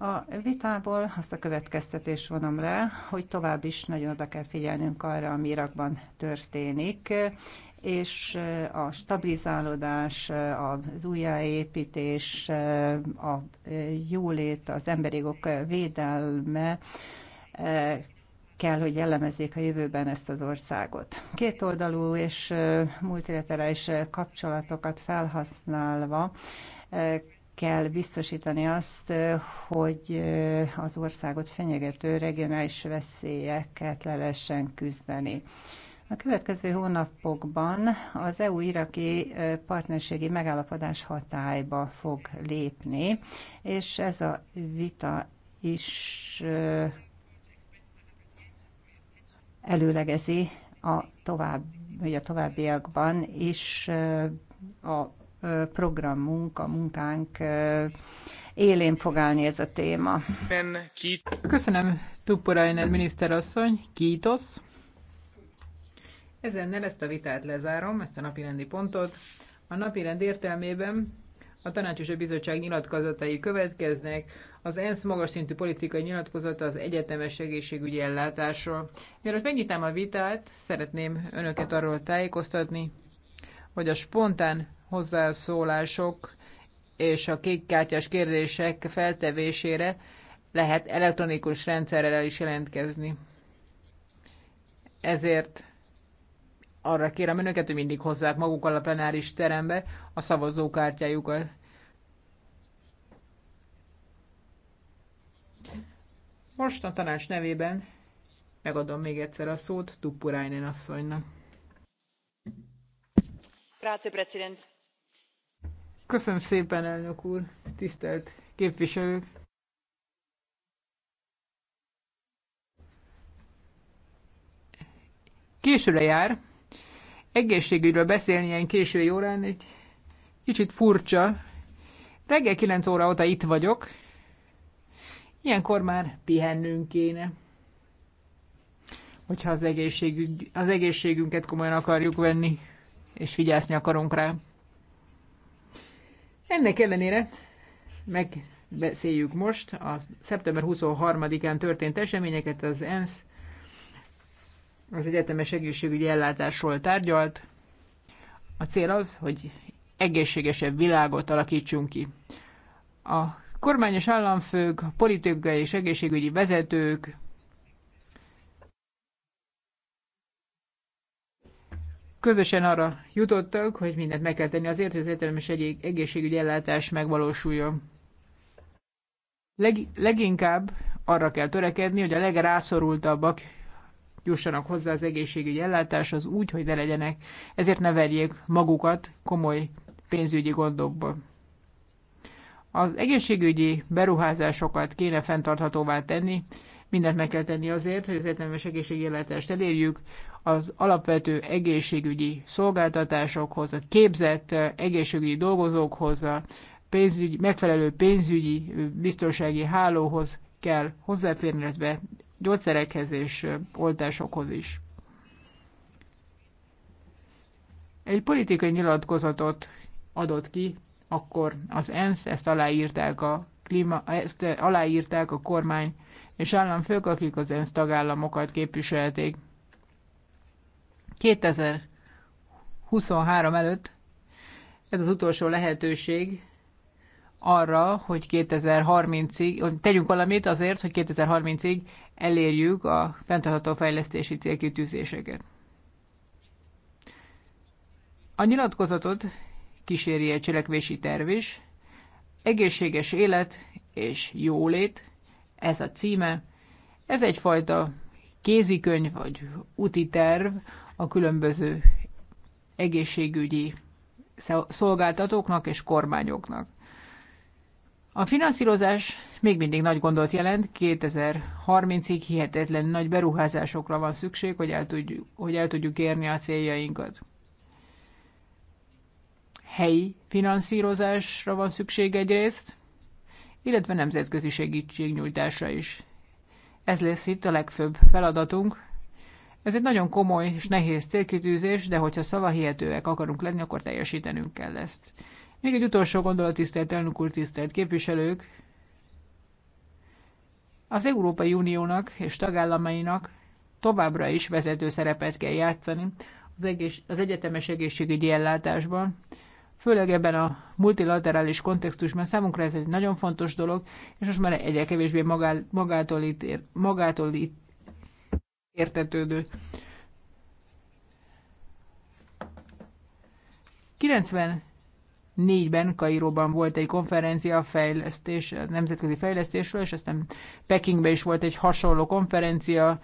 A vitából azt a következtetés vonom le, hogy tovább is nagyon oda kell figyelnünk arra, ami Irakban történik, és a stabilizálódás, az újjáépítés, a jólét, az jogok védelme kell, hogy jellemezzék a jövőben ezt az országot. Kétoldalú és multilaterális kapcsolatokat felhasználva kell biztosítani azt, hogy az országot fenyegető regionális veszélyeket le lehessen küzdeni. A következő hónapokban az EU-iraki partnerségi megállapodás hatályba fog lépni, és ez a vita is előlegezi a tovább, a továbbiakban is a programunk, a munkánk élén fog állni ez a téma. Köszönöm, Tuppurainen miniszterasszony, kítosz. Ezennel ezt a vitát lezárom, ezt a napirendi pontot. A napirend értelmében a Tanács és a Bizottság nyilatkozatai következnek. Az ENSZ magas szintű politikai nyilatkozata az egyetemes egészségügyi ellátásról. Mielőtt megnyitnám a vitát, szeretném önöket arról tájékoztatni, hogy a spontán hozzászólások és a kékkártyás kérdések feltevésére lehet elektronikus rendszerrel is jelentkezni. Ezért arra kérem önöket, hogy mindig hozzák magukkal a plenáris terembe a szavazókártyájukat. Most a tanács nevében megadom még egyszer a szót Tuppurájnén asszonynak. Grazie, Presidente Köszönöm szépen, elnök úr, tisztelt képviselők! Későre jár. Egészségügyről beszélni ilyen késői órán egy kicsit furcsa. Reggel 9 óra óta itt vagyok. Ilyenkor már pihennünk kéne. Hogyha az, egészségügy, az egészségünket komolyan akarjuk venni, és vigyázni akarunk rá. Ennek ellenére megbeszéljük most a szeptember 23-án történt eseményeket, az ENSZ az egyetemes egészségügyi ellátásról tárgyalt. A cél az, hogy egészségesebb világot alakítsunk ki. A kormányos államfők, politikai és egészségügyi vezetők, közösen arra jutottak, hogy mindent meg kell tenni azért, hogy az értelmes egészségügyi ellátás megvalósuljon. Leg, leginkább arra kell törekedni, hogy a legrászorultabbak jussanak hozzá az egészségügyi ellátáshoz úgy, hogy ne legyenek, ezért ne verjék magukat komoly pénzügyi gondokba. Az egészségügyi beruházásokat kéne fenntarthatóvá tenni, Mindent meg kell tenni azért, hogy az értelmes egészségi ellátást elérjük, az alapvető egészségügyi szolgáltatásokhoz, a képzett egészségügyi dolgozókhoz, a pénzügyi, megfelelő pénzügyi biztonsági hálóhoz kell hozzáférni, illetve gyógyszerekhez és oltásokhoz is. Egy politikai nyilatkozatot adott ki, akkor az ENSZ ezt aláírták a, klíma, ezt aláírták a kormány és államfők, akik az ENSZ tagállamokat képviselték. 2023 előtt ez az utolsó lehetőség arra, hogy 2030-ig, hogy tegyünk valamit azért, hogy 2030-ig elérjük a fenntartható fejlesztési célkitűzéseket. A nyilatkozatot kíséri egy cselekvési terv is, egészséges élet és jólét, ez a címe. Ez egyfajta kézikönyv vagy úti terv a különböző egészségügyi szolgáltatóknak és kormányoknak. A finanszírozás még mindig nagy gondot jelent, 2030-ig hihetetlen nagy beruházásokra van szükség, hogy el tudjuk, hogy el tudjuk érni a céljainkat. Helyi finanszírozásra van szükség egyrészt, illetve nemzetközi nyújtása is. Ez lesz itt a legfőbb feladatunk. Ez egy nagyon komoly és nehéz célkitűzés, de hogyha szavahihetőek akarunk lenni, akkor teljesítenünk kell ezt. Még egy utolsó gondolat, tisztelt elnök úr, tisztelt képviselők. Az Európai Uniónak és tagállamainak továbbra is vezető szerepet kell játszani az, egész, az egyetemes egészségügyi ellátásban, főleg ebben a multilaterális kontextusban számunkra ez egy nagyon fontos dolog, és most már egyre kevésbé magától, itt ér, magától itt értetődő. 94-ben Kairóban volt egy konferencia a fejlesztés, a nemzetközi fejlesztésről, és aztán Pekingben is volt egy hasonló konferencia,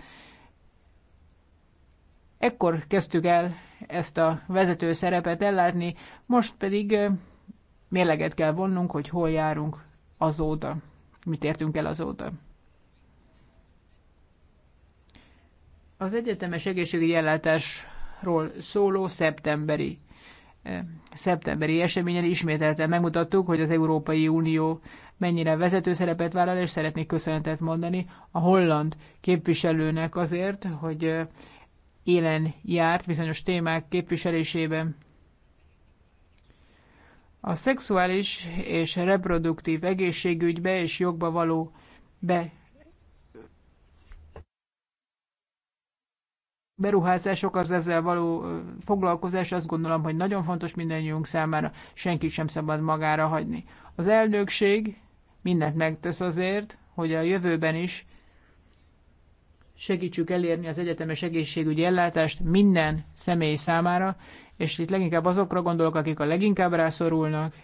Ekkor kezdtük el ezt a vezető szerepet ellátni, most pedig mérleget kell vonnunk, hogy hol járunk azóta, mit értünk el azóta. Az egyetemes egészségügyi ellátásról szóló szeptemberi szeptemberi eseményen ismételten megmutattuk, hogy az Európai Unió mennyire vezető szerepet vállal, és szeretnék köszönetet mondani a holland képviselőnek azért, hogy élen járt bizonyos témák képviselésében. A szexuális és reproduktív egészségügybe és jogba való be beruházások, az ezzel való foglalkozás, azt gondolom, hogy nagyon fontos mindannyiunk számára, senki sem szabad magára hagyni. Az elnökség mindent megtesz azért, hogy a jövőben is segítsük elérni az egyetemes egészségügyi ellátást minden személy számára, és itt leginkább azokra gondolok, akik a leginkább rászorulnak.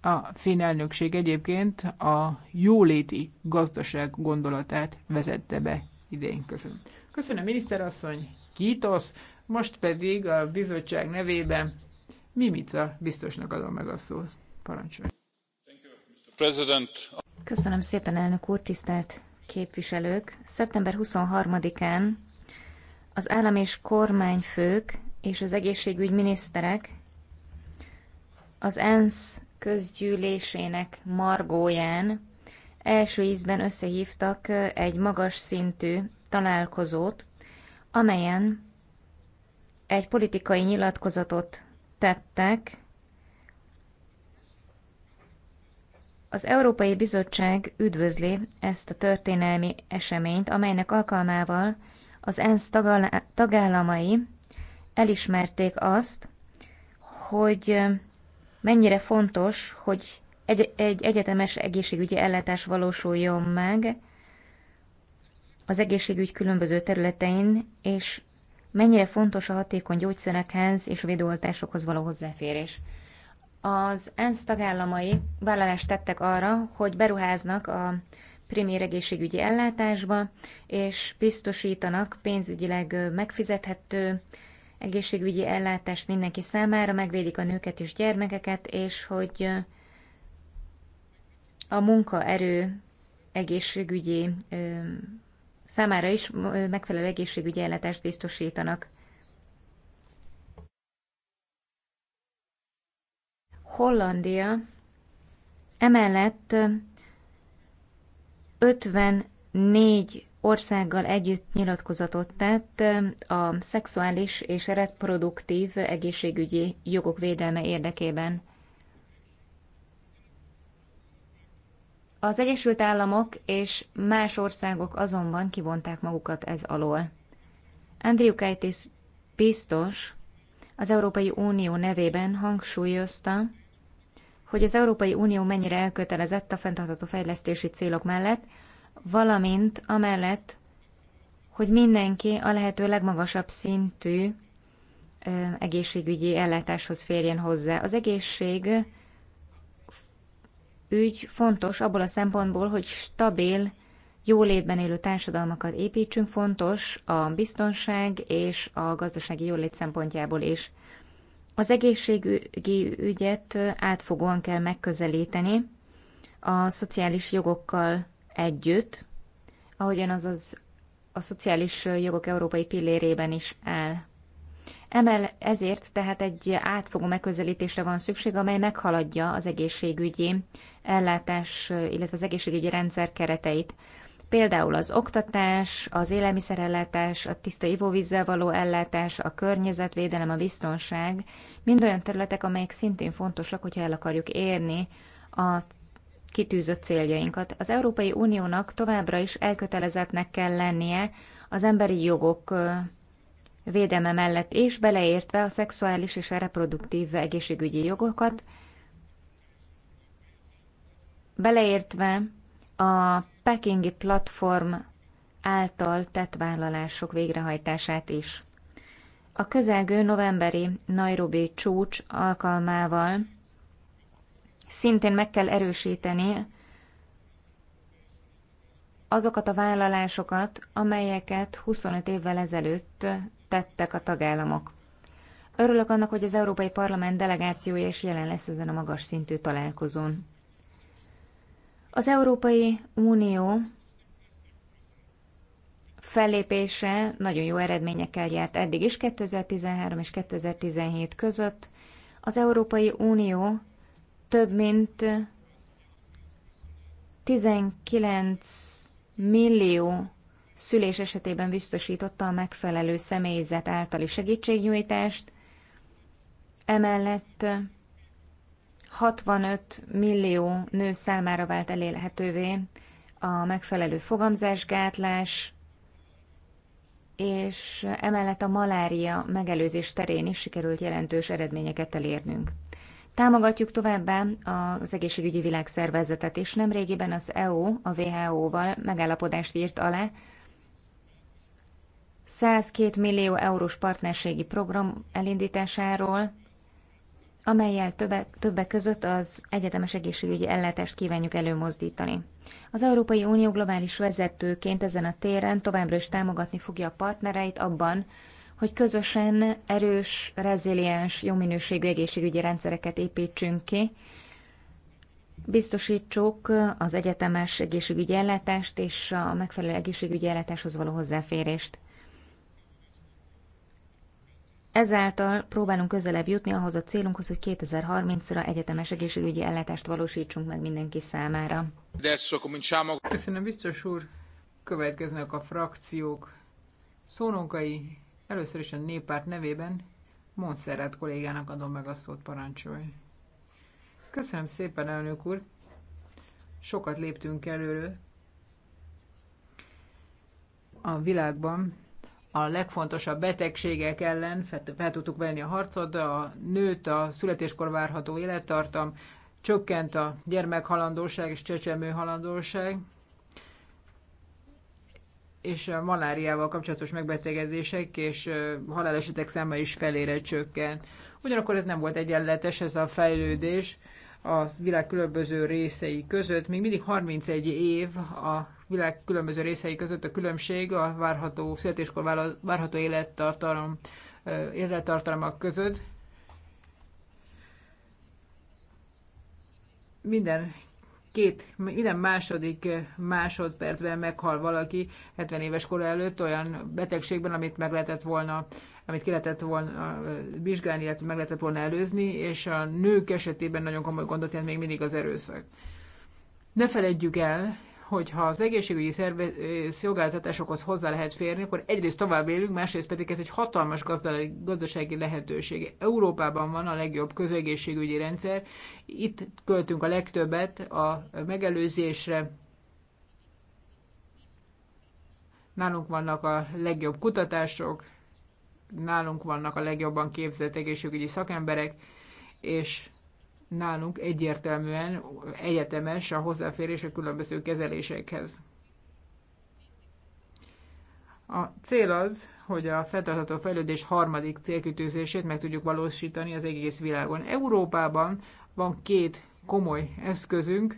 A finn elnökség egyébként a jóléti gazdaság gondolatát vezette be idén. Köszönöm. Köszönöm, miniszterasszony, kítosz, most pedig a bizottság nevében Mimica biztosnak adom meg a szót. Parancsolj! Köszönöm szépen, elnök úr, tisztelt képviselők! Szeptember 23-án az állam és kormányfők és az egészségügyminiszterek az ENSZ közgyűlésének margóján első ízben összehívtak egy magas szintű találkozót, amelyen egy politikai nyilatkozatot tettek Az Európai Bizottság üdvözli ezt a történelmi eseményt, amelynek alkalmával az ENSZ tagállamai elismerték azt, hogy mennyire fontos, hogy egy, egy egyetemes egészségügyi ellátás valósuljon meg az egészségügy különböző területein, és mennyire fontos a hatékony gyógyszerekhez és védőoltásokhoz való hozzáférés. Az ENSZ tagállamai vállalást tettek arra, hogy beruháznak a primér egészségügyi ellátásba, és biztosítanak pénzügyileg megfizethető egészségügyi ellátást mindenki számára, megvédik a nőket és gyermekeket, és hogy a munkaerő egészségügyi számára is megfelelő egészségügyi ellátást biztosítanak. Hollandia emellett 54 országgal együtt nyilatkozatot tett a szexuális és reproduktív egészségügyi jogok védelme érdekében. Az Egyesült Államok és más országok azonban kivonták magukat ez alól. Andrew Kaitis biztos az Európai Unió nevében hangsúlyozta, hogy az Európai Unió mennyire elkötelezett a fenntartható fejlesztési célok mellett, valamint amellett, hogy mindenki a lehető legmagasabb szintű egészségügyi ellátáshoz férjen hozzá. Az egészség ügy fontos abból a szempontból, hogy stabil, jólétben élő társadalmakat építsünk, fontos a biztonság és a gazdasági jólét szempontjából is. Az egészségügyi ügyet átfogóan kell megközelíteni a szociális jogokkal együtt, ahogyan az, a szociális jogok európai pillérében is áll. Emel ezért tehát egy átfogó megközelítésre van szükség, amely meghaladja az egészségügyi ellátás, illetve az egészségügyi rendszer kereteit. Például az oktatás, az élelmiszerellátás, a tiszta ivóvízzel való ellátás, a környezetvédelem, a biztonság, mind olyan területek, amelyek szintén fontosak, hogyha el akarjuk érni a kitűzött céljainkat. Az Európai Uniónak továbbra is elkötelezettnek kell lennie az emberi jogok védelme mellett és beleértve a szexuális és a reproduktív egészségügyi jogokat, beleértve a pekingi platform által tett vállalások végrehajtását is. A közelgő novemberi Nairobi csúcs alkalmával szintén meg kell erősíteni azokat a vállalásokat, amelyeket 25 évvel ezelőtt tettek a tagállamok. Örülök annak, hogy az Európai Parlament delegációja is jelen lesz ezen a magas szintű találkozón. Az Európai Unió fellépése nagyon jó eredményekkel járt eddig is 2013 és 2017 között. Az Európai Unió több mint 19 millió szülés esetében biztosította a megfelelő személyzet általi segítségnyújtást, emellett 65 millió nő számára vált elérhetővé a megfelelő fogamzásgátlás, és emellett a malária megelőzés terén is sikerült jelentős eredményeket elérnünk. Támogatjuk továbbá az egészségügyi világszervezetet is. Nemrégiben az EU a WHO-val megállapodást írt alá, 102 millió eurós partnerségi program elindításáról, amelyel többek, többek között az egyetemes egészségügyi ellátást kívánjuk előmozdítani. Az Európai Unió globális vezetőként ezen a téren továbbra is támogatni fogja a partnereit abban, hogy közösen erős, reziliens, jó minőségű egészségügyi rendszereket építsünk ki, biztosítsuk az egyetemes egészségügyi ellátást és a megfelelő egészségügyi ellátáshoz való hozzáférést. Ezáltal próbálunk közelebb jutni ahhoz a célunkhoz, hogy 2030-ra egyetemes egészségügyi ellátást valósítsunk meg mindenki számára. Köszönöm, biztos úr. Következnek a frakciók. Szónokai először is a néppárt nevében Monszerát kollégának adom meg a szót, parancsolj. Köszönöm szépen, elnök úr. Sokat léptünk előről. A világban a legfontosabb betegségek ellen fel, tudtuk venni a harcot, a nőt a születéskor várható élettartam, csökkent a gyermekhalandóság és csecsemőhalandóság és a maláriával kapcsolatos megbetegedések és halálesetek száma is felére csökkent. Ugyanakkor ez nem volt egyenletes, ez a fejlődés a világ különböző részei között. Még mindig 31 év a világ különböző részei között a különbség a várható születéskor várható élettartalom, élettartalmak között. Minden két, minden második másodpercben meghal valaki 70 éves kor előtt olyan betegségben, amit meg lehetett volna amit ki lehetett volna vizsgálni, illetve meg lehetett volna előzni, és a nők esetében nagyon komoly gondot jelent még mindig az erőszak. Ne feledjük el, hogy ha az egészségügyi szolgáltatásokhoz hozzá lehet férni, akkor egyrészt tovább élünk, másrészt pedig ez egy hatalmas gazdasági lehetőség. Európában van a legjobb közegészségügyi rendszer, itt költünk a legtöbbet a megelőzésre, nálunk vannak a legjobb kutatások, nálunk vannak a legjobban képzett egészségügyi szakemberek, és nálunk egyértelműen egyetemes a hozzáférés a különböző kezelésekhez. A cél az, hogy a fenntartható fejlődés harmadik célkütőzését meg tudjuk valósítani az egész világon. Európában van két komoly eszközünk,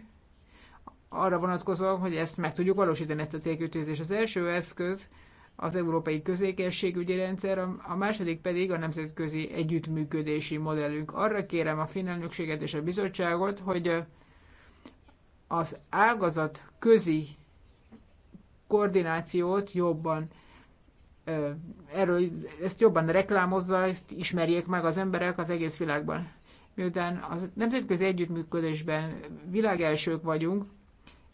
arra vonatkozom, hogy ezt meg tudjuk valósítani, ezt a célkütőzést. Az első eszköz az európai közékenységügyi rendszer, a második pedig a nemzetközi együttműködési modellünk. Arra kérem a finn elnökséget és a bizottságot, hogy az ágazat közi koordinációt jobban erről, ezt jobban reklámozza, ezt ismerjék meg az emberek az egész világban. Miután a nemzetközi együttműködésben világelsők vagyunk,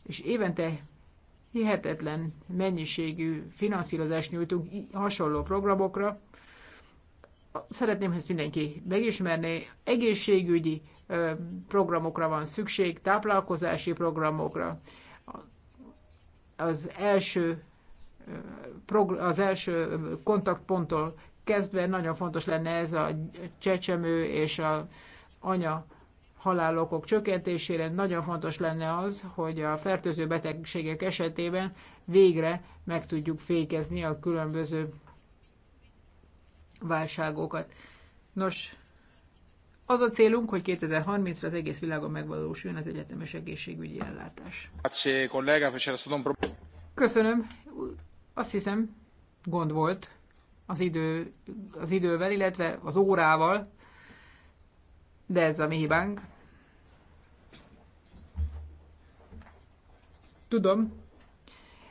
és évente hihetetlen mennyiségű finanszírozást nyújtunk hasonló programokra. Szeretném, hogy mindenki megismerné. Egészségügyi programokra van szükség, táplálkozási programokra. Az első, az első kontaktponttól kezdve nagyon fontos lenne ez a csecsemő és a anya halálokok csökkentésére nagyon fontos lenne az, hogy a fertőző betegségek esetében végre meg tudjuk fékezni a különböző válságokat. Nos, az a célunk, hogy 2030-ra az egész világon megvalósuljon az egyetemes egészségügyi ellátás. Köszönöm. Azt hiszem, gond volt az, idő, az idővel, illetve az órával de ez a mi hibánk. Tudom,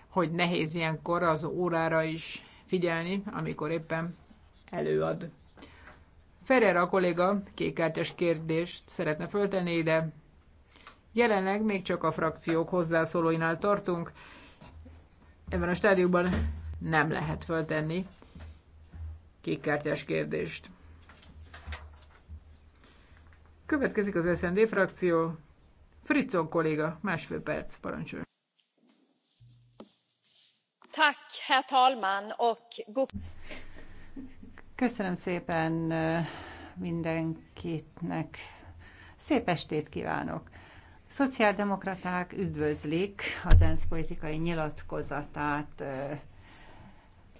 hogy nehéz ilyenkor az órára is figyelni, amikor éppen előad. Ferrer a kolléga kékkártyás kérdést szeretne föltenni, de jelenleg még csak a frakciók hozzászólóinál tartunk. Ebben a stádiumban nem lehet föltenni kékkártyás kérdést. Következik az SND frakció. Fritzon kolléga, másfél perc, parancsol. Tack, herr talman, och Köszönöm szépen mindenkinek. Szép estét kívánok! Szociáldemokraták üdvözlik az ENSZ politikai nyilatkozatát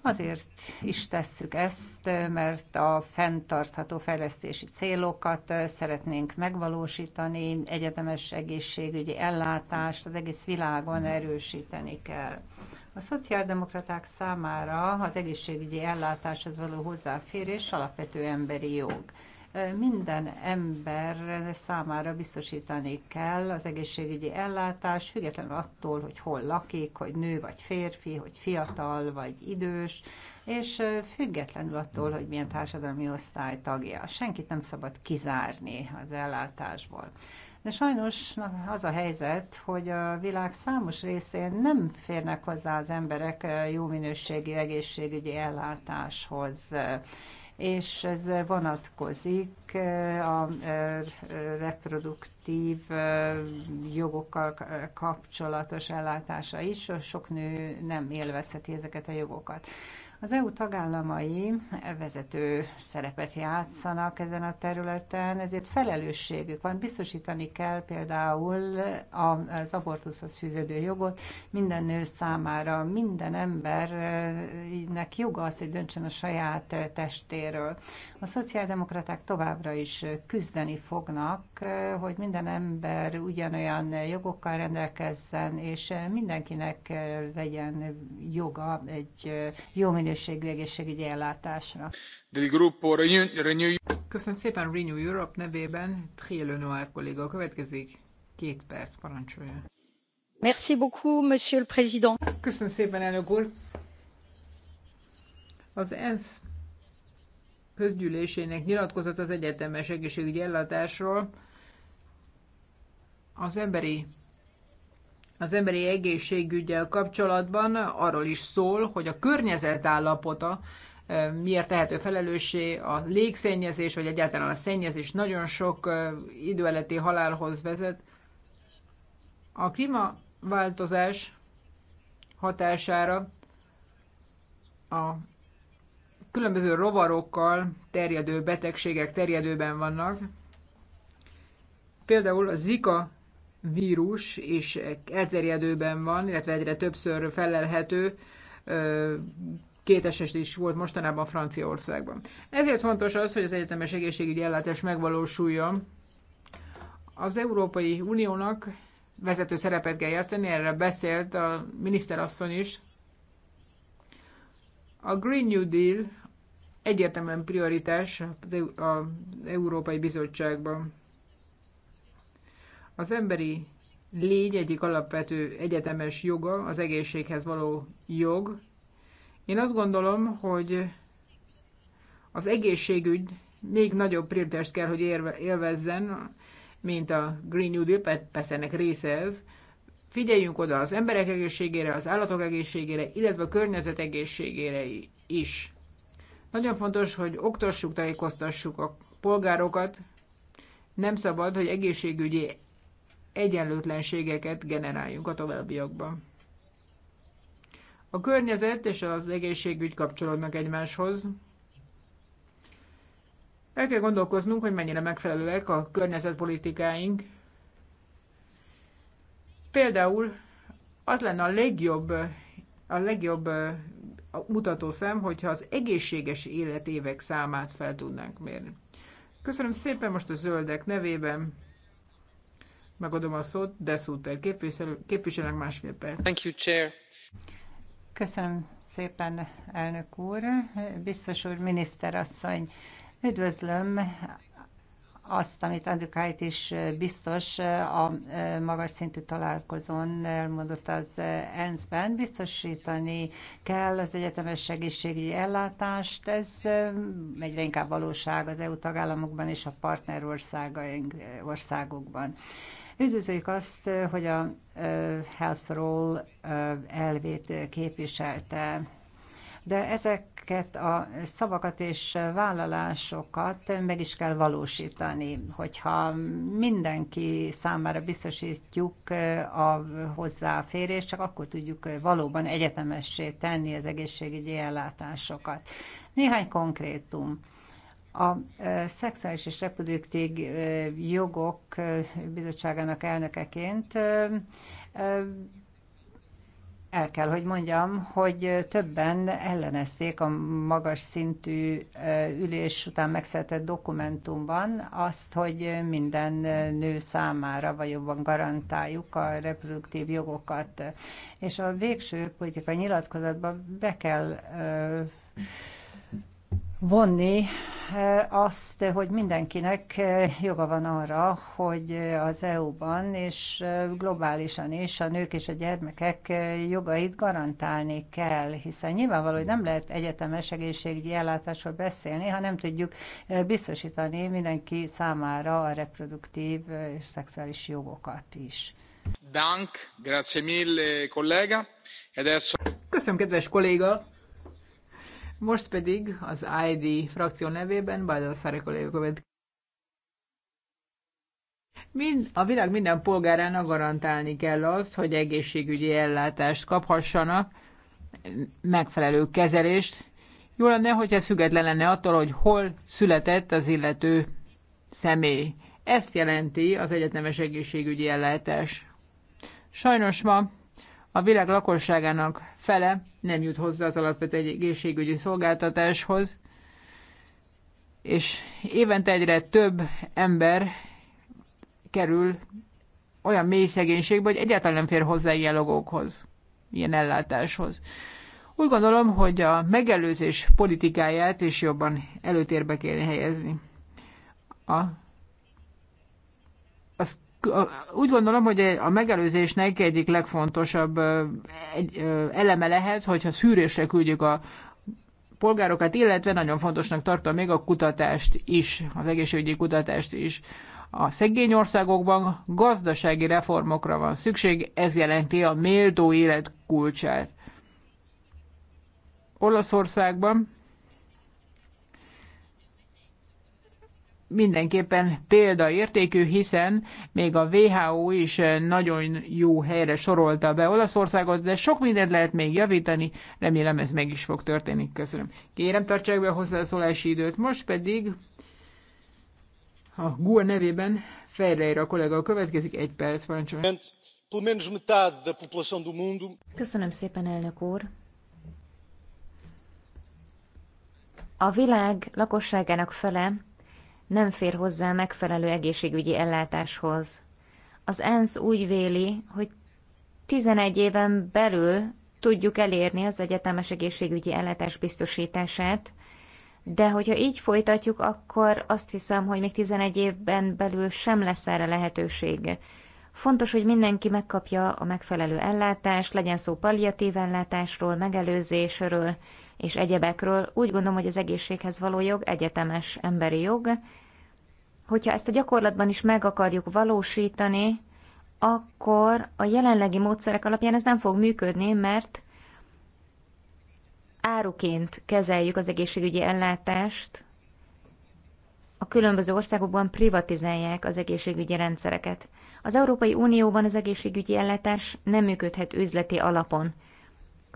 Azért is tesszük ezt, mert a fenntartható fejlesztési célokat szeretnénk megvalósítani, egyetemes egészségügyi ellátást az egész világon erősíteni kell. A szociáldemokraták számára az egészségügyi ellátáshoz való hozzáférés alapvető emberi jog minden ember számára biztosítani kell az egészségügyi ellátás, függetlenül attól, hogy hol lakik, hogy nő vagy férfi, hogy fiatal vagy idős, és függetlenül attól, hogy milyen társadalmi osztály tagja. Senkit nem szabad kizárni az ellátásból. De sajnos az a helyzet, hogy a világ számos részén nem férnek hozzá az emberek jó minőségű egészségügyi ellátáshoz, és ez vonatkozik a reproduktív jogokkal kapcsolatos ellátása is. Sok nő nem élvezheti ezeket a jogokat. Az EU tagállamai vezető szerepet játszanak ezen a területen, ezért felelősségük van. Biztosítani kell például az abortuszhoz fűződő jogot minden nő számára, minden embernek joga az, hogy döntsön a saját testéről. A szociáldemokraták továbbra is küzdeni fognak, hogy minden ember ugyanolyan jogokkal rendelkezzen, és mindenkinek legyen joga egy jó minőségű minőségű egészségügyi ellátásra. Köszönöm szépen Renew Europe nevében, Trier Noir kolléga következik. Két perc, parancsolja. Merci beaucoup, monsieur le président. Köszönöm szépen, elnök úr. Az ENSZ közgyűlésének nyilatkozat az egyetemes egészségügyi ellátásról az emberi az emberi egészségügyel kapcsolatban arról is szól, hogy a környezet állapota miért tehető felelőssé a légszennyezés, vagy egyáltalán a szennyezés nagyon sok időeleti halálhoz vezet. A klímaváltozás hatására a különböző rovarokkal terjedő betegségek terjedőben vannak. Például a Zika vírus, és elterjedőben van, illetve egyre többször felelhető, kéteses is volt mostanában Franciaországban. Ezért fontos az, hogy az egyetemes egészségügyi ellátás megvalósuljon. Az Európai Uniónak vezető szerepet kell játszani, erre beszélt a miniszterasszony is. A Green New Deal egyértelműen prioritás az e Európai Bizottságban. Az emberi lény egyik alapvető egyetemes joga, az egészséghez való jog. Én azt gondolom, hogy az egészségügy még nagyobb prioritást kell, hogy élvezzen, mint a Green New Deal, persze ennek része ez. Figyeljünk oda az emberek egészségére, az állatok egészségére, illetve a környezet egészségére is. Nagyon fontos, hogy oktassuk, tájékoztassuk a polgárokat. Nem szabad, hogy egészségügyi egyenlőtlenségeket generáljunk a továbbiakban. A környezet és az egészségügy kapcsolódnak egymáshoz. El kell gondolkoznunk, hogy mennyire megfelelőek a környezetpolitikáink. Például az lenne a legjobb, a legjobb mutatószám, hogyha az egészséges életévek számát fel tudnánk mérni. Köszönöm szépen most a zöldek nevében. Megadom a szót De Suter képviselő, képviselőnek másfél perc. Thank you, Chair. Köszönöm szépen, elnök úr. Biztos úr, miniszterasszony, üdvözlöm azt, amit Andrukájt is biztos a magas szintű találkozón elmondott az ENSZ-ben, biztosítani kell az egyetemes segítségügyi ellátást. Ez egyre inkább valóság az EU tagállamokban és a partnerországokban. országokban. Üdvözöljük azt, hogy a Health for All elvét képviselte, de ezeket a szavakat és vállalásokat meg is kell valósítani, hogyha mindenki számára biztosítjuk a hozzáférést, csak akkor tudjuk valóban egyetemessé tenni az egészségügyi ellátásokat. Néhány konkrétum. A szexuális és reproduktív jogok bizottságának elnökeként el kell, hogy mondjam, hogy többen ellenezték a magas szintű ülés után megszertett dokumentumban azt, hogy minden nő számára valóban garantáljuk a reproduktív jogokat. És a végső politikai nyilatkozatban be kell vonni eh, azt, hogy mindenkinek eh, joga van arra, hogy eh, az EU-ban és globálisan is a nők és a gyermekek jogait garantálni kell, hiszen nyilvánvaló, hogy nem lehet egyetemes egészségügyi ellátásról beszélni, ha nem tudjuk biztosítani mindenki számára a reproduktív és szexuális jogokat is. Dank, grazie mille, collega. E Köszönöm, kedves kolléga! Most pedig az ID frakció nevében Báldal Szári következik. Mind, a világ minden polgárának garantálni kell azt, hogy egészségügyi ellátást kaphassanak, megfelelő kezelést. Jó lenne, hogy ez független lenne attól, hogy hol született az illető személy. Ezt jelenti az egyetemes egészségügyi ellátás. Sajnos ma a világ lakosságának fele nem jut hozzá az alapvető egészségügyi szolgáltatáshoz, és évente egyre több ember kerül olyan mély szegénységbe, hogy egyáltalán nem fér hozzá ilyen logókhoz, ilyen ellátáshoz. Úgy gondolom, hogy a megelőzés politikáját is jobban előtérbe kéne helyezni. A úgy gondolom, hogy a megelőzésnek egyik legfontosabb eleme lehet, hogyha szűrésre küldjük a polgárokat, illetve nagyon fontosnak tartom még a kutatást is, az egészségügyi kutatást is. A szegény országokban gazdasági reformokra van szükség, ez jelenti a méltó élet kulcsát. Olaszországban mindenképpen példaértékű, hiszen még a WHO is nagyon jó helyre sorolta be Olaszországot, de sok mindent lehet még javítani, remélem ez meg is fog történni. Köszönöm. Kérem, tartsák be a hozzászólási időt. Most pedig a GUA e nevében Ferreira kollega következik, egy perc, parancsoljon. Köszönöm szépen, elnök úr. A világ lakosságának fele nem fér hozzá megfelelő egészségügyi ellátáshoz. Az ENSZ úgy véli, hogy 11 éven belül tudjuk elérni az egyetemes egészségügyi ellátás biztosítását, de hogyha így folytatjuk, akkor azt hiszem, hogy még 11 évben belül sem lesz erre lehetőség. Fontos, hogy mindenki megkapja a megfelelő ellátást, legyen szó palliatív ellátásról, megelőzésről és egyebekről. Úgy gondolom, hogy az egészséghez való jog egyetemes emberi jog. Hogyha ezt a gyakorlatban is meg akarjuk valósítani, akkor a jelenlegi módszerek alapján ez nem fog működni, mert áruként kezeljük az egészségügyi ellátást, a különböző országokban privatizálják az egészségügyi rendszereket. Az Európai Unióban az egészségügyi ellátás nem működhet üzleti alapon.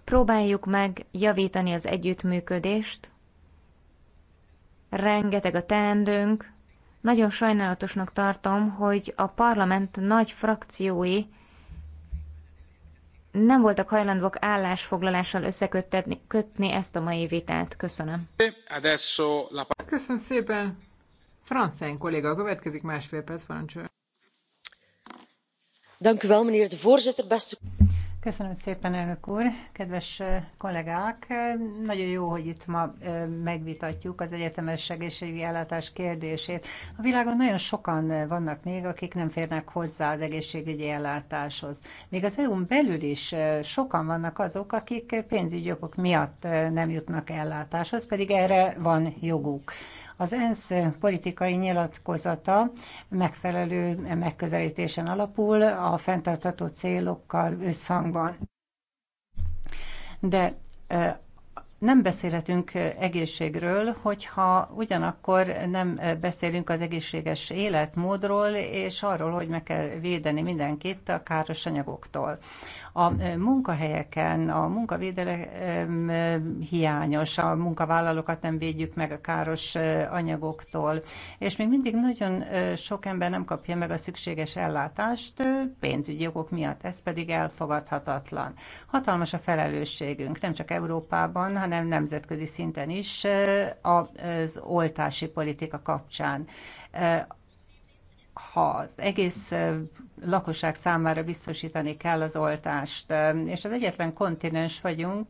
Próbáljuk meg javítani az együttműködést. Rengeteg a teendőnk. Nagyon sajnálatosnak tartom, hogy a parlament nagy frakciói nem voltak hajlandók állásfoglalással összekötni kötni ezt a mai vitát. Köszönöm. Köszönöm szépen. Francen kolléga következik másfél perc, parancsolja. Köszönöm szépen, elnök úr! Kedves kollégák! Nagyon jó, hogy itt ma megvitatjuk az egyetemes egészségügyi ellátás kérdését. A világon nagyon sokan vannak még, akik nem férnek hozzá az egészségügyi ellátáshoz. Még az EU-n belül is sokan vannak azok, akik pénzügyi okok miatt nem jutnak ellátáshoz, pedig erre van joguk. Az ENSZ politikai nyilatkozata megfelelő megközelítésen alapul a fenntartható célokkal összhangban. De nem beszélhetünk egészségről, hogyha ugyanakkor nem beszélünk az egészséges életmódról, és arról, hogy meg kell védeni mindenkit a káros anyagoktól. A munkahelyeken a munkavédelem hiányos, a munkavállalókat nem védjük meg a káros anyagoktól, és még mindig nagyon sok ember nem kapja meg a szükséges ellátást pénzügyi okok miatt, ez pedig elfogadhatatlan. Hatalmas a felelősségünk, nem csak Európában, hanem hanem nemzetközi szinten is az oltási politika kapcsán ha az egész lakosság számára biztosítani kell az oltást, és az egyetlen kontinens vagyunk,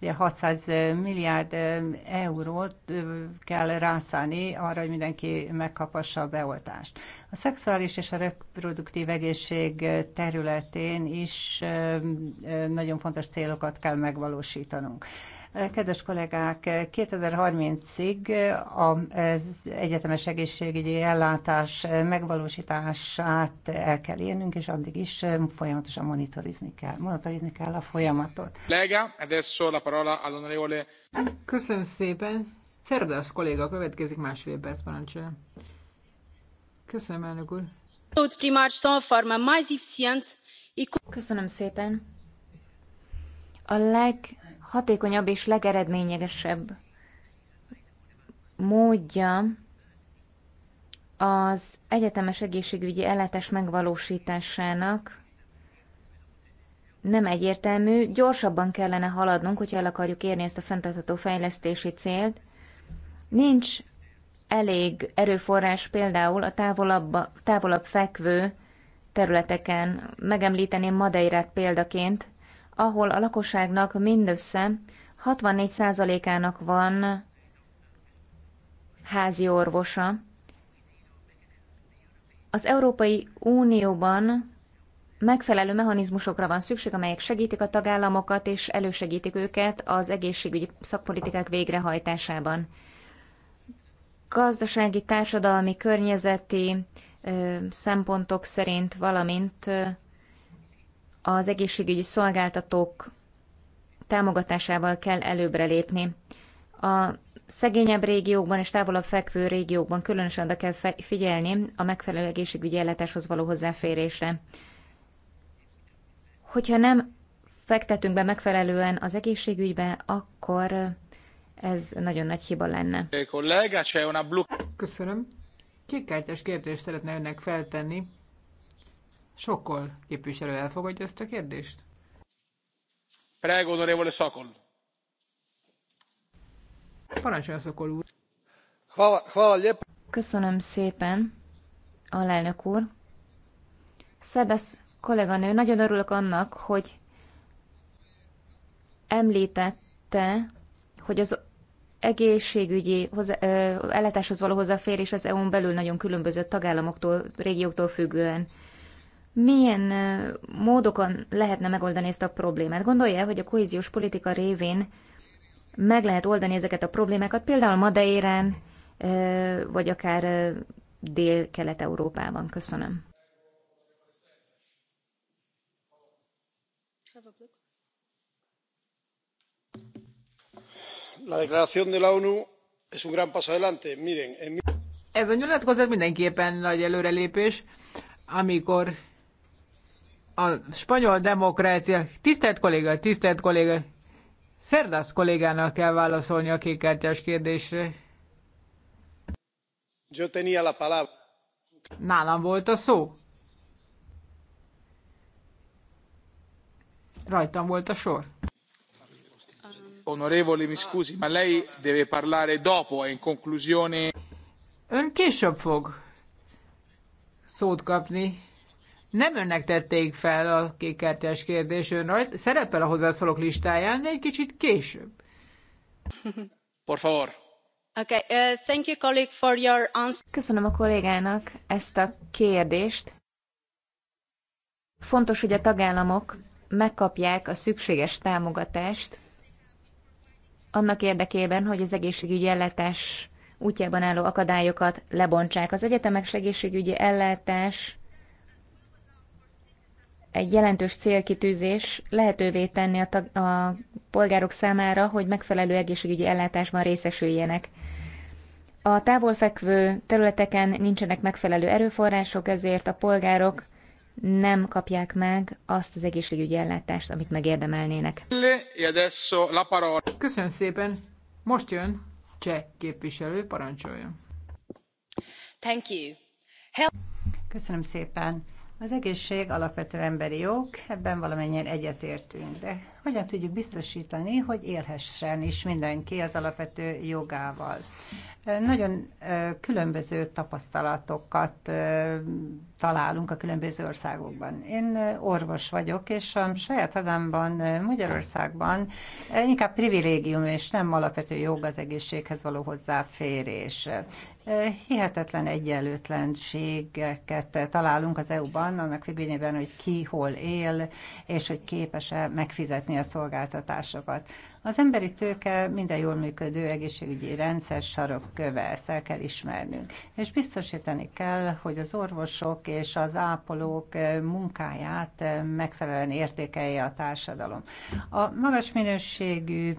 ugye 600 milliárd eurót kell rászállni arra, hogy mindenki megkapassa a beoltást. A szexuális és a reproduktív egészség területén is nagyon fontos célokat kell megvalósítanunk. Kedves kollégák, 2030-ig az egyetemes egészségügyi ellátás megvalósítását el kell érnünk, és addig is folyamatosan monitorizni kell, monitorizni kell a folyamatot. Köszönöm szépen. Ferdas kolléga következik másfél perc parancsolja. Köszönöm, elnök úr. Köszönöm szépen. A leg hatékonyabb és legeredményesebb módja az egyetemes egészségügyi ellátás megvalósításának nem egyértelmű, gyorsabban kellene haladnunk, hogyha el akarjuk érni ezt a fenntartható fejlesztési célt. Nincs elég erőforrás például a távolabb, távolabb fekvő területeken. Megemlíteném Madeirát példaként, ahol a lakosságnak mindössze 64%-ának van házi orvosa. Az Európai Unióban megfelelő mechanizmusokra van szükség, amelyek segítik a tagállamokat és elősegítik őket az egészségügyi szakpolitikák végrehajtásában. Gazdasági, társadalmi, környezeti ö, szempontok szerint, valamint az egészségügyi szolgáltatók támogatásával kell előbbre lépni. A szegényebb régiókban és távolabb fekvő régiókban különösen oda kell figyelni a megfelelő egészségügyi ellátáshoz való hozzáférésre. Hogyha nem fektetünk be megfelelően az egészségügybe, akkor ez nagyon nagy hiba lenne. Köszönöm. Kékkártyás kérdést szeretne önnek feltenni. Sokkol képviselő elfogadja ezt a kérdést? Prego, onorevole Sokol. Parancsolja Sokol úr. Hvala, hvala Köszönöm szépen, alelnök úr. Szebesz kolléganő, nagyon örülök annak, hogy említette, hogy az egészségügyi hozzá, ellátáshoz való hozzáférés az EU-n belül nagyon különböző tagállamoktól, régióktól függően milyen módokon lehetne megoldani ezt a problémát? Gondolja, hogy a kohéziós politika révén meg lehet oldani ezeket a problémákat, például Madeirán, vagy akár Dél-Kelet-Európában. Köszönöm. La declaración de la ONU es un gran paso adelante. Miren, en... Ez a nyilatkozat mindenképpen nagy előrelépés, amikor a spanyol demokrácia. Tisztelt kolléga, tisztelt kolléga, Szerdasz kollégának kell válaszolni a kékkártyás kérdésre. Yo tenía la palabra. Nálam volt a szó. Rajtam volt a sor. Onorevole, mi scusi, ma lei deve parlare dopo e in conclusione. Ön később fog szót kapni. Nem önnek tették fel a kékkártyás kérdés, ön rajt, szerepel a hozzászólók listáján, de egy kicsit később. Por favor. Okay, uh, thank you, colleague, for your answer. Köszönöm a kollégának ezt a kérdést. Fontos, hogy a tagállamok megkapják a szükséges támogatást annak érdekében, hogy az egészségügyi ellátás útjában álló akadályokat lebontsák. Az egyetemek egészségügyi ellátás egy jelentős célkitűzés lehetővé tenni a, tag, a polgárok számára, hogy megfelelő egészségügyi ellátásban részesüljenek. A távolfekvő területeken nincsenek megfelelő erőforrások, ezért a polgárok nem kapják meg azt az egészségügyi ellátást, amit megérdemelnének. Köszönöm szépen! Most jön cseh képviselő, parancsoljon! Thank you. Köszönöm szépen! Az egészség alapvető emberi jog, ebben valamennyien egyetértünk, de hogyan tudjuk biztosítani, hogy élhessen is mindenki az alapvető jogával? Nagyon különböző tapasztalatokat találunk a különböző országokban. Én orvos vagyok, és a saját hazámban, Magyarországban inkább privilégium és nem alapvető jog az egészséghez való hozzáférés hihetetlen egyenlőtlenségeket találunk az EU-ban, annak függvényében, hogy ki hol él, és hogy képes-e megfizetni a szolgáltatásokat. Az emberi tőke minden jól működő egészségügyi rendszer sarokköve, ezt el kell ismernünk. És biztosítani kell, hogy az orvosok és az ápolók munkáját megfelelően értékelje a társadalom. A magas minőségű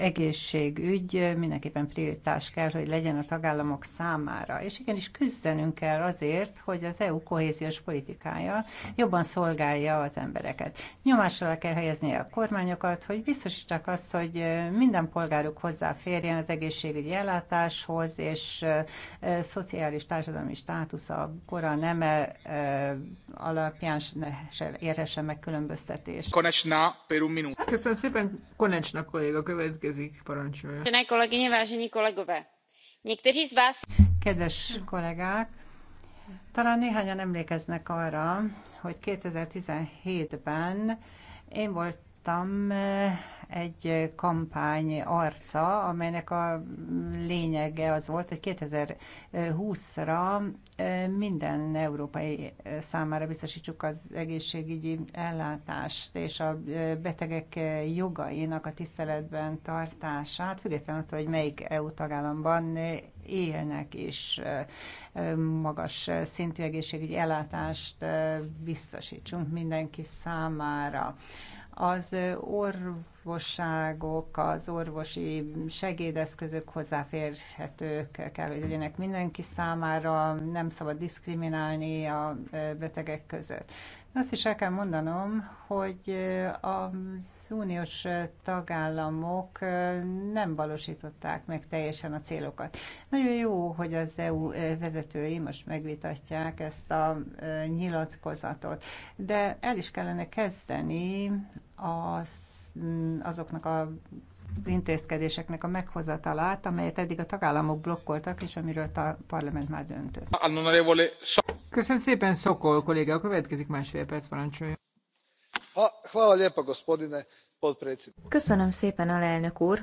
egészségügy mindenképpen prioritás kell, hogy legyen a tagállamok számára. És igenis küzdenünk kell azért, hogy az EU kohéziós politikája jobban szolgálja az embereket. Nyomásra kell helyezni a kormányokat, hogy biztosítsák azt, hogy hogy minden polgáruk hozzáférjen az egészségügyi ellátáshoz, és szociális társadalmi státusza, kora neme alapján se érhesse meg különböztetést. Konečná, per minút. Köszönöm szépen, Konečná kolléga következik, parancsolja. Vážené kolegyně, vážení kolegové, někteří z vás... Kedves kollégák, talán néhányan emlékeznek arra, hogy 2017-ben én voltam egy kampány arca, amelynek a lényege az volt, hogy 2020-ra minden európai számára biztosítsuk az egészségügyi ellátást és a betegek jogainak a tiszteletben tartását, függetlenül attól, hogy melyik EU tagállamban élnek, és magas szintű egészségügyi ellátást biztosítsunk mindenki számára. Az orv orvosságok, az orvosi segédeszközök hozzáférhetők kell, hogy legyenek mindenki számára, nem szabad diszkriminálni a betegek között. Azt is el kell mondanom, hogy a az uniós tagállamok nem valósították meg teljesen a célokat. Nagyon jó, hogy az EU vezetői most megvitatják ezt a nyilatkozatot, de el is kellene kezdeni az Mm, azoknak a intézkedéseknek a meghozatalát, amelyet eddig a tagállamok blokkoltak, és amiről a parlament már döntött. Köszönöm szépen, Szokol kolléga. A következik másfél perc, parancsolja. Köszönöm szépen, alelnök úr.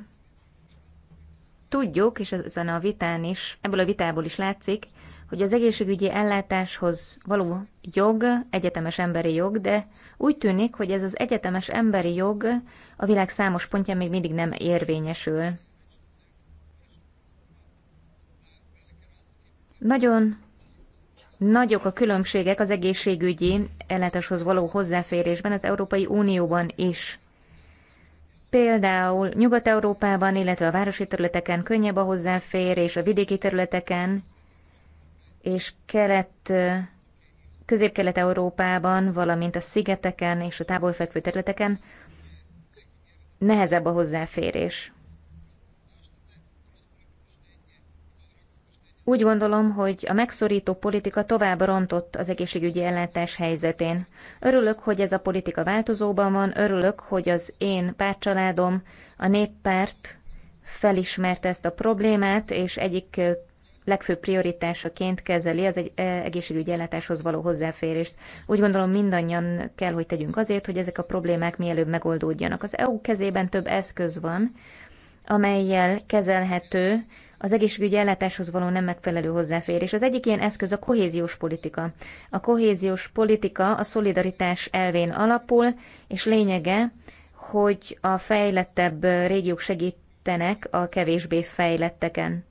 Tudjuk, és ezen a vitán is, ebből a vitából is látszik, hogy az egészségügyi ellátáshoz való jog egyetemes emberi jog, de úgy tűnik, hogy ez az egyetemes emberi jog a világ számos pontján még mindig nem érvényesül. Nagyon nagyok a különbségek az egészségügyi ellátáshoz való hozzáférésben az Európai Unióban is. Például Nyugat-Európában, illetve a városi területeken könnyebb a hozzáférés, a vidéki területeken és kelet, közép-kelet-európában, valamint a szigeteken és a távolfekvő területeken nehezebb a hozzáférés. Úgy gondolom, hogy a megszorító politika tovább rontott az egészségügyi ellátás helyzetén. Örülök, hogy ez a politika változóban van, örülök, hogy az én pártcsaládom, a néppárt felismerte ezt a problémát, és egyik legfőbb prioritásaként kezeli az egy e, egészségügyi ellátáshoz való hozzáférést. Úgy gondolom mindannyian kell, hogy tegyünk azért, hogy ezek a problémák mielőbb megoldódjanak. Az EU kezében több eszköz van, amelyel kezelhető az egészségügyi ellátáshoz való nem megfelelő hozzáférés. Az egyik ilyen eszköz a kohéziós politika. A kohéziós politika a szolidaritás elvén alapul, és lényege, hogy a fejlettebb régiók segítenek a kevésbé fejletteken.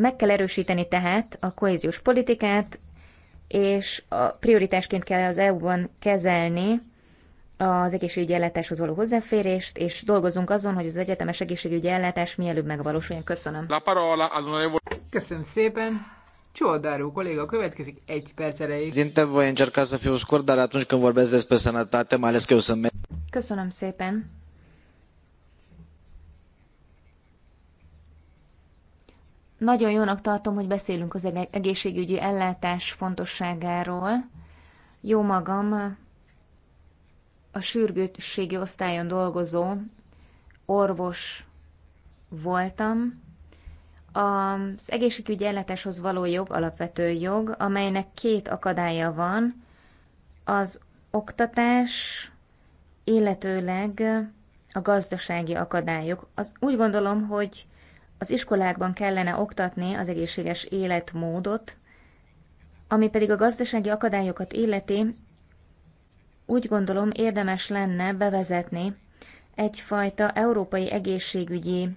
Meg kell erősíteni tehát a kohéziós politikát, és a prioritásként kell az EU-ban kezelni az egészségügyi ellátáshoz való hozzáférést, és dolgozunk azon, hogy az egyetemes egészségügyi ellátás mielőbb megvalósuljon. Köszönöm. La parola, Köszönöm szépen. Csodáró kolléga, következik egy perc erejéig. Dinte, voi încerca să fiu scurt, dar atunci când vorbesc despre sănătate, mai ales că eu sunt Köszönöm szépen. Nagyon jónak tartom, hogy beszélünk az egészségügyi ellátás fontosságáról. Jó magam, a sürgősségi osztályon dolgozó orvos voltam. Az egészségügyi ellátáshoz való jog alapvető jog, amelynek két akadálya van. Az oktatás, illetőleg a gazdasági akadályok. Az, úgy gondolom, hogy az iskolákban kellene oktatni az egészséges életmódot, ami pedig a gazdasági akadályokat illeti, úgy gondolom érdemes lenne bevezetni egyfajta európai egészségügyi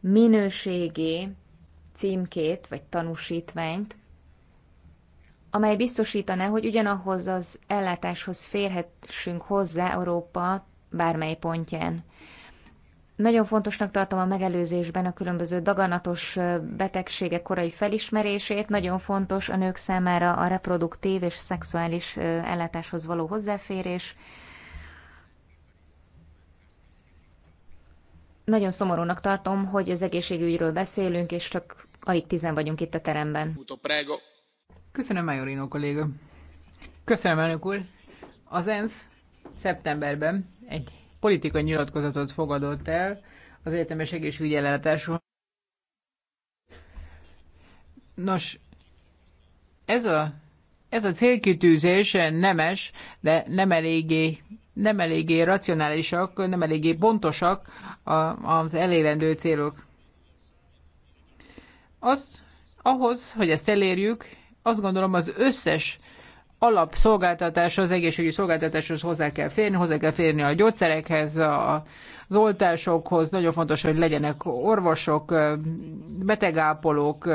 minőségi címkét vagy tanúsítványt, amely biztosítaná, hogy ugyanahhoz az ellátáshoz férhessünk hozzá Európa bármely pontján. Nagyon fontosnak tartom a megelőzésben a különböző daganatos betegségek korai felismerését, nagyon fontos a nők számára a reproduktív és szexuális ellátáshoz való hozzáférés. Nagyon szomorúnak tartom, hogy az egészségügyről beszélünk, és csak alig tizen vagyunk itt a teremben. Köszönöm, Majorino kolléga. Köszönöm, elnök úr. Az ENSZ szeptemberben egy politikai nyilatkozatot fogadott el az egyetemes egészségügyi ellátásról. Nos, ez a, ez a célkitűzés nemes, de nem eléggé, nem eléggé racionálisak, nem eléggé pontosak az elérendő célok. Azt, ahhoz, hogy ezt elérjük, azt gondolom az összes alapszolgáltatáshoz, az egészségügyi szolgáltatáshoz hozzá kell férni, hozzá kell férni a gyógyszerekhez, a, az oltásokhoz, nagyon fontos, hogy legyenek orvosok, betegápolók,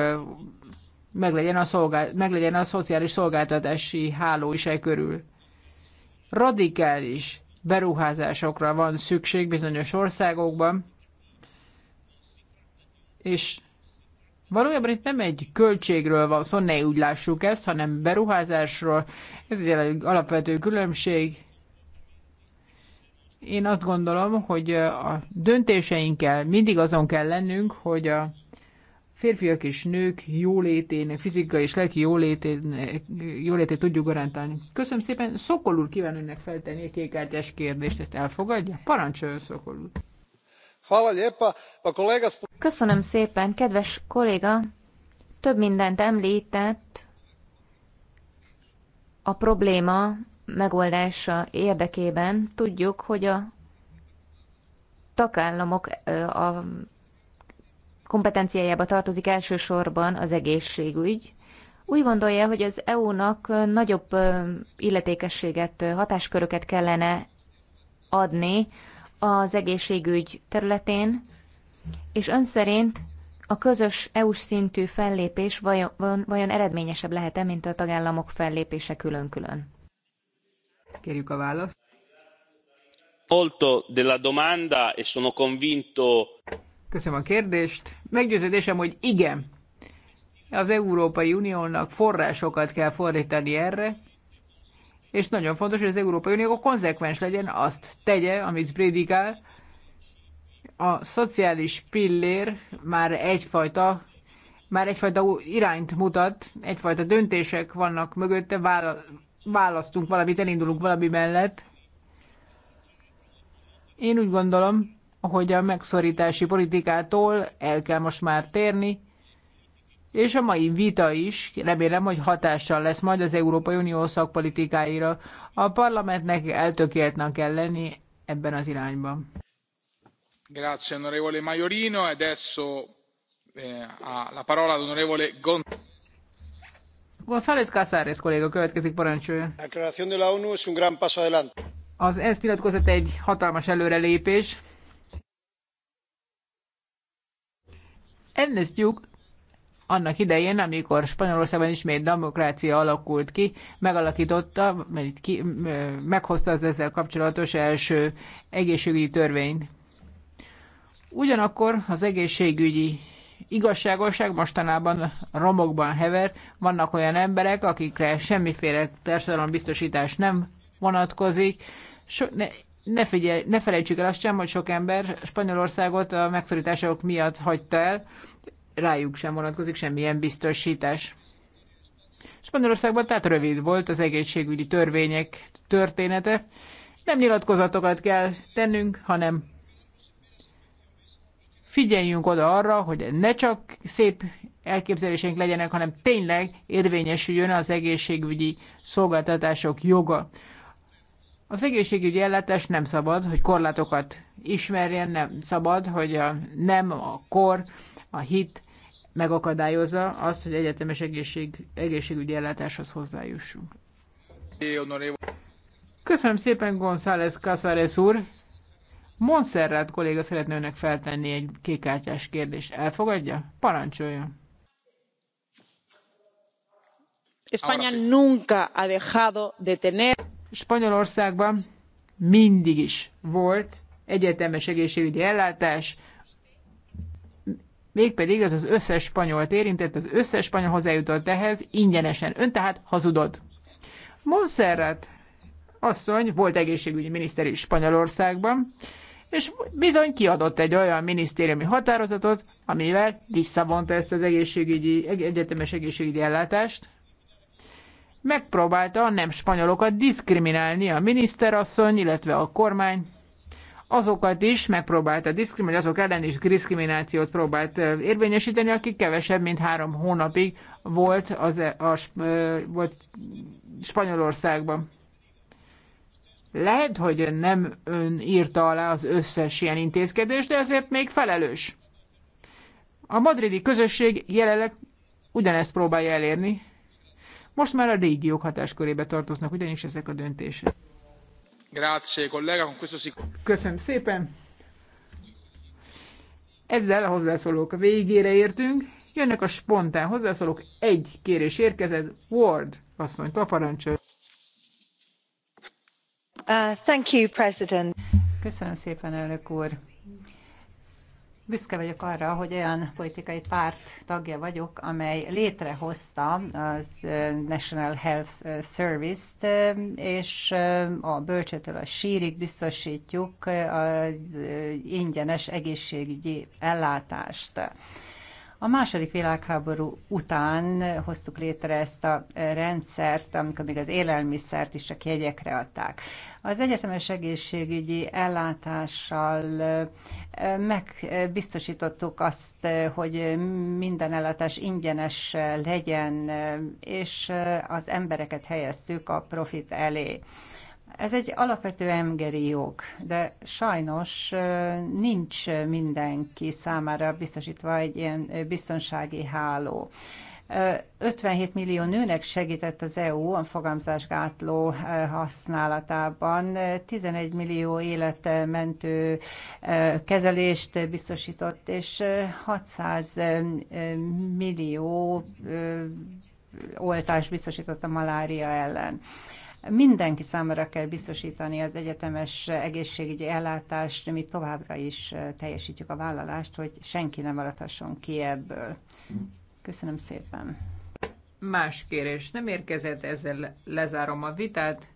meg legyen a, szolgál, meg legyen a szociális szolgáltatási háló is e körül. Radikális beruházásokra van szükség bizonyos országokban, és Valójában itt nem egy költségről van szó, ne úgy lássuk ezt, hanem beruházásról. Ez egy alapvető különbség. Én azt gondolom, hogy a döntéseinkkel mindig azon kell lennünk, hogy a férfiak és nők jólétének, fizikai és lelki jólétén, jólétét tudjuk garantálni. Köszönöm szépen. Szokol úr kíván önnek feltenni a kékártyás kérdést, ezt elfogadja? Parancsoljon Szokol úr. Köszönöm szépen, kedves kolléga! Több mindent említett a probléma megoldása érdekében. Tudjuk, hogy a tagállamok a kompetenciájába tartozik elsősorban az egészségügy. Úgy gondolja, hogy az EU-nak nagyobb illetékességet, hatásköröket kellene adni az egészségügy területén, és ön szerint a közös EU-s szintű fellépés vajon, vajon eredményesebb lehet-e, mint a tagállamok fellépése külön-külön? Kérjük a választ. Molto della domanda e sono convinto. Köszönöm a kérdést. Meggyőződésem, hogy igen. Az Európai Uniónak forrásokat kell fordítani erre, és nagyon fontos, hogy az Európai Unió konzekvens legyen, azt tegye, amit prédikál. A szociális pillér már egyfajta már egyfajta irányt mutat, egyfajta döntések vannak mögötte, választunk valamit, elindulunk valami mellett. Én úgy gondolom, hogy a megszorítási politikától el kell most már térni, és a mai vita is remélem, hogy hatással lesz majd az Európai Unió szakpolitikáira. A parlamentnek eltökéltnek kell lenni ebben az irányban. Grazie onorevole Maiorino, adesso eh, la parola ad onorevole Gon. González Casares kolléga következik parancsolja. A declaración de la ONU es un gran paso adelante. Az ENSZ nyilatkozat egy hatalmas előrelépés. Ennek annak idején, amikor Spanyolországban ismét demokrácia alakult ki, megalakította, ki, meghozta az ezzel kapcsolatos első egészségügyi törvényt. Ugyanakkor az egészségügyi igazságosság mostanában romokban hever, vannak olyan emberek, akikre semmiféle társadalombiztosítás nem vonatkozik, so, ne, ne, figyelj, ne felejtsük el azt sem, hogy sok ember Spanyolországot a megszorítások miatt hagyta el, rájuk sem vonatkozik semmilyen biztosítás. Spanyolországban tehát rövid volt az egészségügyi törvények története. Nem nyilatkozatokat kell tennünk, hanem figyeljünk oda arra, hogy ne csak szép elképzeléseink legyenek, hanem tényleg érvényesüljön az egészségügyi szolgáltatások joga. Az egészségügyi ellátás nem szabad, hogy korlátokat ismerjen, nem szabad, hogy a, nem a kor, a hit megakadályozza azt, hogy egyetemes egészség, egészségügyi ellátáshoz hozzájussunk. Köszönöm szépen, González Casares úr. Monserrat kolléga szeretne önnek feltenni egy kékártyás kérdést. Elfogadja? Parancsoljon. España nunca ha dejado de tener... Spanyolországban mindig is volt egyetemes egészségügyi ellátás, mégpedig ez az összes spanyolt érintett, az összes spanyol hozzájutott ehhez ingyenesen. Ön tehát hazudott. Monserrat asszony volt egészségügyi miniszter is Spanyolországban, és bizony kiadott egy olyan minisztériumi határozatot, amivel visszavonta ezt az egészségügyi, egyetemes egészségügyi ellátást. Megpróbálta a nem spanyolokat diszkriminálni a miniszterasszony, illetve a kormány azokat is megpróbálta diszkriminálni, azok ellen is diszkriminációt próbált érvényesíteni, akik kevesebb, mint három hónapig volt, az, e- a, volt Spanyolországban. Lehet, hogy nem ön írta alá az összes ilyen intézkedést, de ezért még felelős. A madridi közösség jelenleg ugyanezt próbálja elérni. Most már a régiók hatáskörébe tartoznak, ugyanis ezek a döntések. Köszönöm szépen. Ezzel a hozzászólók végére értünk. Jönnek a spontán hozzászólók. Egy kérés érkezett. Ward asszony, a Uh, thank you, President. Köszönöm szépen, elnök úr. Büszke vagyok arra, hogy olyan politikai párt tagja vagyok, amely létrehozta az National Health Service-t, és a bölcsőtől a sírig biztosítjuk az ingyenes egészségügyi ellátást. A második világháború után hoztuk létre ezt a rendszert, amikor még az élelmiszert is csak jegyekre adták. Az egyetemes egészségügyi ellátással megbiztosítottuk azt, hogy minden ellátás ingyenes legyen, és az embereket helyeztük a profit elé. Ez egy alapvető emberi jog, de sajnos nincs mindenki számára biztosítva egy ilyen biztonsági háló. 57 millió nőnek segített az EU a fogamzásgátló használatában, 11 millió életmentő kezelést biztosított, és 600 millió oltást biztosított a malária ellen. Mindenki számára kell biztosítani az egyetemes egészségügyi ellátást, mi továbbra is teljesítjük a vállalást, hogy senki nem maradhasson ki ebből. Köszönöm szépen. Más kérés nem érkezett, ezzel lezárom a vitát.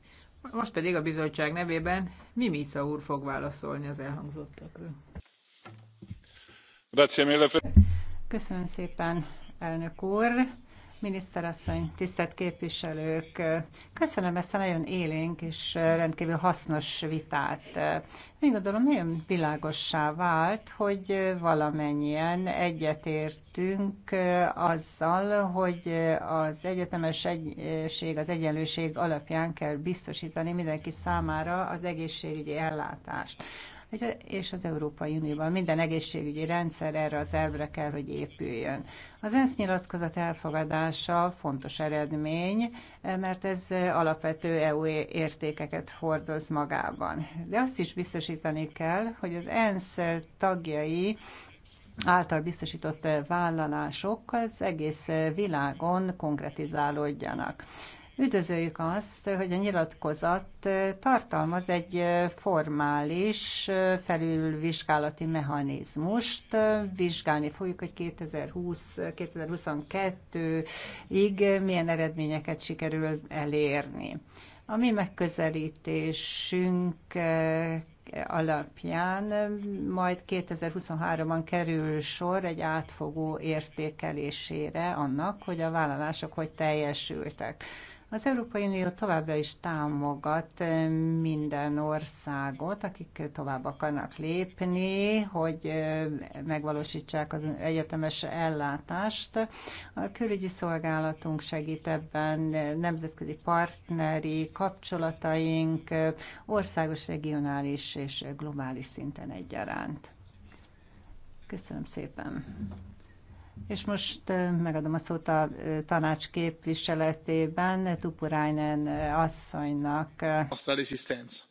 Most pedig a bizottság nevében Mimica úr fog válaszolni az elhangzottakról. Köszönöm szépen, elnök úr miniszterasszony, tisztelt képviselők! Köszönöm ezt a nagyon élénk és rendkívül hasznos vitát. Én gondolom nagyon világossá vált, hogy valamennyien egyetértünk azzal, hogy az egyetemes egység, az egyenlőség alapján kell biztosítani mindenki számára az egészségügyi ellátást és az Európai Unióban minden egészségügyi rendszer erre az elvre kell, hogy épüljön. Az ENSZ nyilatkozat elfogadása fontos eredmény, mert ez alapvető EU értékeket hordoz magában. De azt is biztosítani kell, hogy az ENSZ tagjai által biztosított vállalások az egész világon konkretizálódjanak. Üdvözöljük azt, hogy a nyilatkozat tartalmaz egy formális felülvizsgálati mechanizmust. Vizsgálni fogjuk, hogy 2020-2022-ig milyen eredményeket sikerül elérni. A mi megközelítésünk alapján majd 2023-ban kerül sor egy átfogó értékelésére annak, hogy a vállalások hogy teljesültek. Az Európai Unió továbbra is támogat minden országot, akik tovább akarnak lépni, hogy megvalósítsák az egyetemes ellátást. A külügyi szolgálatunk segít ebben, nemzetközi partneri kapcsolataink országos, regionális és globális szinten egyaránt. Köszönöm szépen! És most megadom a szót a tanács képviseletében Tupurainen asszonynak.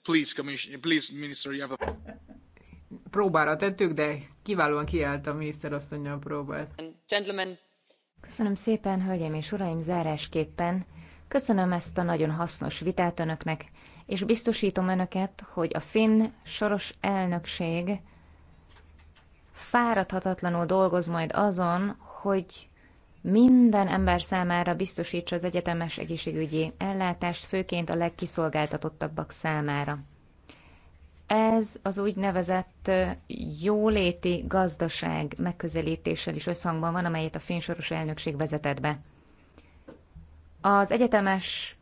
Please, please, minister, you have a... Próbára tettük, de kiválóan kiállt a miniszter a próbált. Gentlemen. Köszönöm szépen, hölgyeim és uraim, zárásképpen. Köszönöm ezt a nagyon hasznos vitát önöknek, és biztosítom önöket, hogy a finn soros elnökség fáradhatatlanul dolgoz majd azon, hogy minden ember számára biztosítsa az egyetemes egészségügyi ellátást, főként a legkiszolgáltatottabbak számára. Ez az úgynevezett jóléti gazdaság megközelítéssel is összhangban van, amelyet a fénysoros elnökség vezetett be. Az egyetemes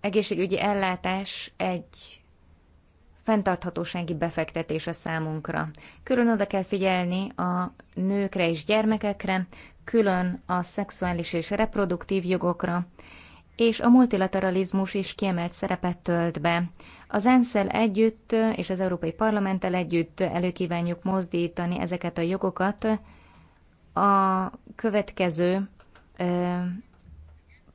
egészségügyi ellátás egy fenntarthatósági befektetés a számunkra. Külön oda kell figyelni a nőkre és gyermekekre, külön a szexuális és reproduktív jogokra, és a multilateralizmus is kiemelt szerepet tölt be. Az ensz együtt és az Európai Parlamenttel együtt előkívánjuk mozdítani ezeket a jogokat a következő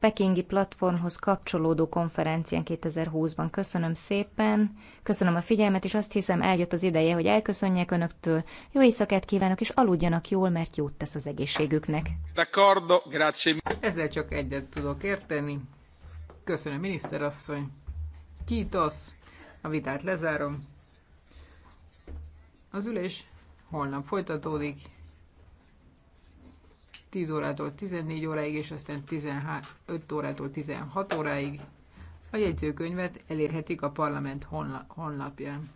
pekingi platformhoz kapcsolódó konferencián 2020-ban. Köszönöm szépen, köszönöm a figyelmet, és azt hiszem eljött az ideje, hogy elköszönjek önöktől. Jó éjszakát kívánok, és aludjanak jól, mert jót tesz az egészségüknek. D'accordo, grazie. Ezzel csak egyet tudok érteni. Köszönöm, miniszterasszony. Kitos. A vitát lezárom. Az ülés holnap folytatódik. 10 órától 14 óráig, és aztán 15 órától 16 óráig. A jegyzőkönyvet elérhetik a parlament honla honlapján.